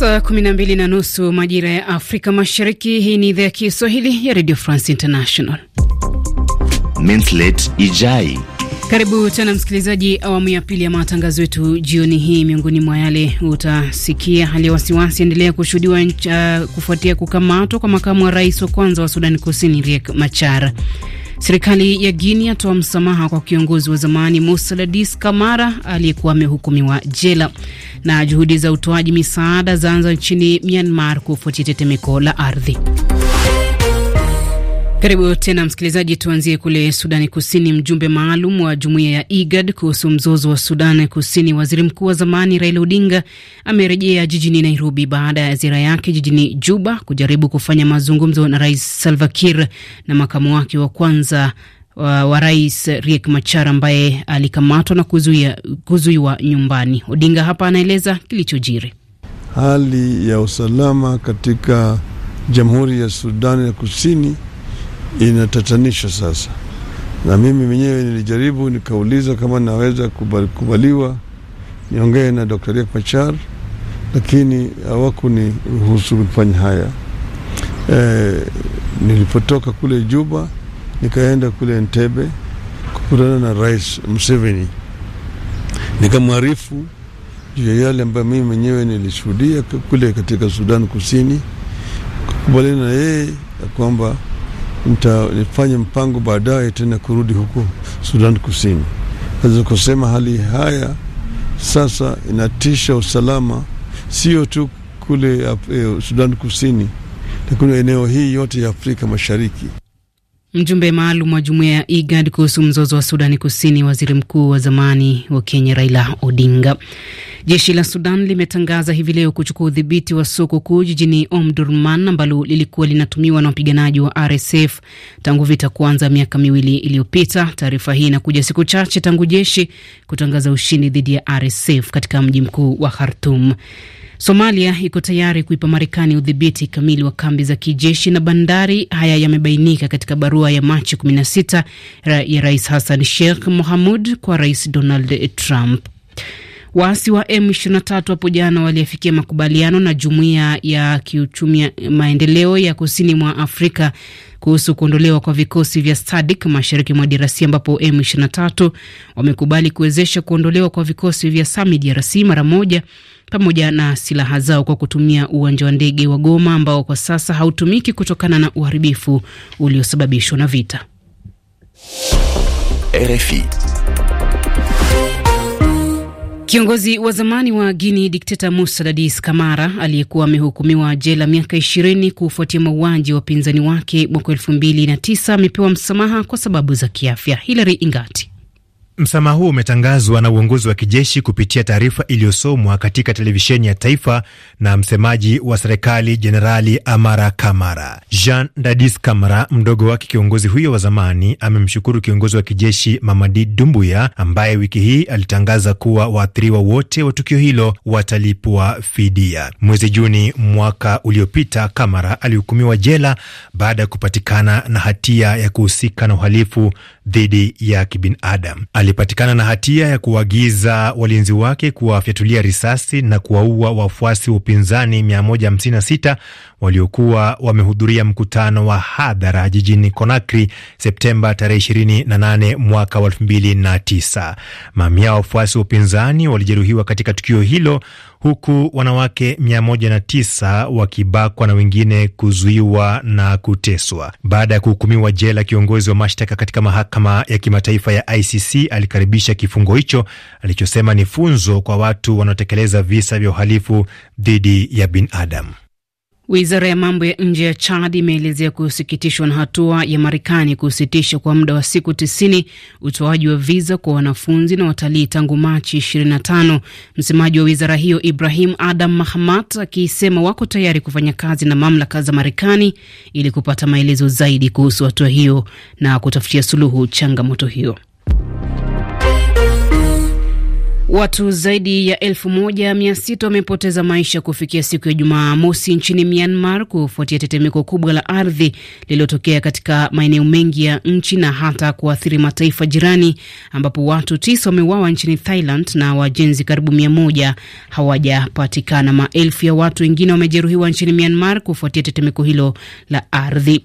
Saa kumi na mbili na nusu majira ya Afrika Mashariki. Hii ni idhaa ya Kiswahili ya Radio France International. Mintlet Ijai. Karibu tena msikilizaji, awamu ya pili ya matangazo yetu jioni hii. Miongoni mwa yale utasikia, hali ya wasiwasi endelea kushuhudiwa uh, kufuatia kukamatwa kwa makamu wa rais wa kwanza wa Sudani Kusini Riek Machar. Serikali ya Guinea yatoa msamaha kwa kiongozi wa zamani Musaladis Kamara aliyekuwa amehukumiwa jela. Na juhudi za utoaji misaada zaanza nchini Myanmar kufuatia tetemeko la ardhi. Karibu tena msikilizaji, tuanzie kule Sudani Kusini. Mjumbe maalum wa jumuiya ya IGAD kuhusu mzozo wa Sudan Kusini, waziri mkuu wa zamani Raila Odinga amerejea jijini Nairobi baada ya ziara yake jijini Juba kujaribu kufanya mazungumzo na Rais Salva Kiir na makamu wake wa kwanza wa, wa rais Riek Machar ambaye alikamatwa na kuzuiwa nyumbani. Odinga hapa anaeleza kilichojiri. Hali ya usalama katika Jamhuri ya Sudani ya Kusini inatatanisha sasa, na mimi mwenyewe nilijaribu nikauliza kama naweza kubaliwa niongee na Dr. Riek Machar, lakini hawakuniruhusu kufanya haya. E, nilipotoka kule Juba nikaenda kule Entebbe kukutana na Rais Museveni nikamwarifu juu ya yale ambayo mimi mwenyewe nilishuhudia kule katika Sudan Kusini, kukubaliana na yeye ya kwamba mtafanya mpango baadaye tena kurudi huko Sudan Kusini. Sasa kusema hali haya sasa inatisha usalama sio tu kule eh, Sudan Kusini, lakini eneo hii yote ya Afrika Mashariki. Mjumbe maalum wa jumuiya ya IGAD kuhusu mzozo wa Sudani Kusini, waziri mkuu wa zamani wa Kenya Raila Odinga. Jeshi la Sudan limetangaza hivi leo kuchukua udhibiti wa soko kuu jijini Omdurman ambalo lilikuwa linatumiwa na wapiganaji wa RSF tangu vita kuanza miaka miwili iliyopita. Taarifa hii inakuja siku chache tangu jeshi kutangaza ushindi dhidi ya RSF katika mji mkuu wa Khartum. Somalia iko tayari kuipa Marekani udhibiti kamili wa kambi za kijeshi na bandari. Haya yamebainika katika barua ya Machi 16 ya Rais Hassan Sheikh Mohamud kwa Rais Donald Trump. Waasi wa M23 hapo jana waliafikia makubaliano na jumuiya ya kiuchumi maendeleo ya kusini mwa Afrika kuhusu kuondolewa kwa vikosi vya SADC mashariki mwa DRC ambapo M23 wamekubali kuwezesha kuondolewa kwa vikosi vya SAMI DRC mara moja pamoja na silaha zao kwa kutumia uwanja wa ndege wa Goma ambao kwa sasa hautumiki kutokana na uharibifu uliosababishwa na vita. RFI Kiongozi wa zamani wa Guini dikteta Musa Dadis Kamara aliyekuwa amehukumiwa jela miaka ishirini kufuatia mauaji wa wapinzani wake mwaka elfu mbili na tisa amepewa msamaha kwa sababu za kiafya. Hilary Ingati Msamaha huo umetangazwa na uongozi wa kijeshi kupitia taarifa iliyosomwa katika televisheni ya taifa na msemaji wa serikali Jenerali Amara Kamara. Jean Dadis Kamara, mdogo wake kiongozi huyo wa zamani, amemshukuru kiongozi wa kijeshi Mamadi Dumbuya ambaye wiki hii alitangaza kuwa waathiriwa wote wa tukio hilo watalipwa fidia. Mwezi Juni mwaka uliopita, Kamara alihukumiwa jela baada ya kupatikana na hatia ya kuhusika na uhalifu dhidi ya kibinadamu alipatikana na hatia ya kuagiza walinzi wake kuwafyatulia risasi na kuwaua wafuasi wa upinzani 156 waliokuwa wamehudhuria mkutano wa hadhara jijini Conakry Septemba tarehe 28 mwaka wa 2009. Mamia wafuasi wa upinzani walijeruhiwa katika tukio hilo huku wanawake 109 wakibakwa na wengine kuzuiwa na kuteswa. Baada ya kuhukumiwa jela, kiongozi wa mashtaka katika mahakama ya kimataifa ya ICC alikaribisha kifungo hicho alichosema ni funzo kwa watu wanaotekeleza visa vya uhalifu dhidi ya binadamu. Wizara ya mambo ya nje ya Chad imeelezea kusikitishwa na hatua ya Marekani kusitisha kwa muda wa siku tisini utoaji wa viza kwa wanafunzi na watalii tangu Machi 25. Msemaji wa wizara hiyo Ibrahim Adam Mahmat akisema wako tayari kufanya kazi na mamlaka za Marekani ili kupata maelezo zaidi kuhusu hatua hiyo na kutafutia suluhu changamoto hiyo. Watu zaidi ya elfu moja mia sita wamepoteza maisha kufikia siku ya Jumamosi nchini Myanmar kufuatia tetemeko kubwa la ardhi lililotokea katika maeneo mengi ya nchi na hata kuathiri mataifa jirani, ambapo watu tisa wameuawa nchini Thailand na wajenzi karibu mia moja hawajapatikana. Maelfu ya watu wengine wamejeruhiwa nchini Myanmar kufuatia tetemeko hilo la ardhi.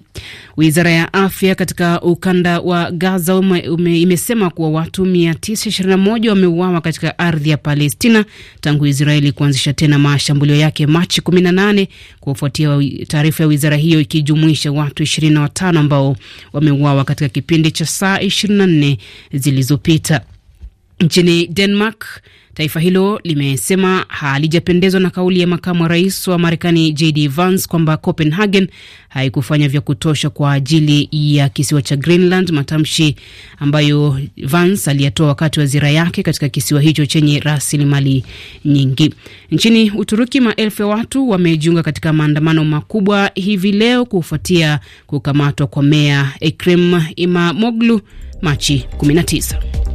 Wizara ya afya katika ukanda wa Gaza ume, ume, imesema kuwa watu 921 wameuawa katika ardhi ya Palestina tangu Israeli kuanzisha tena mashambulio yake Machi 18 kufuatia taarifa ya wizara hiyo ikijumuisha watu 25 ambao wameuawa katika kipindi cha saa 24 zilizopita. Nchini Denmark Taifa hilo limesema halijapendezwa na kauli ya makamu wa rais wa Marekani JD Vance kwamba Copenhagen haikufanya vya kutosha kwa ajili ya kisiwa cha Greenland, matamshi ambayo Vance aliyatoa wakati wa ziara yake katika kisiwa hicho chenye rasilimali nyingi. Nchini Uturuki, maelfu ya watu wamejiunga katika maandamano makubwa hivi leo kufuatia kukamatwa kwa meya Ekrem Imamoglu Machi 19.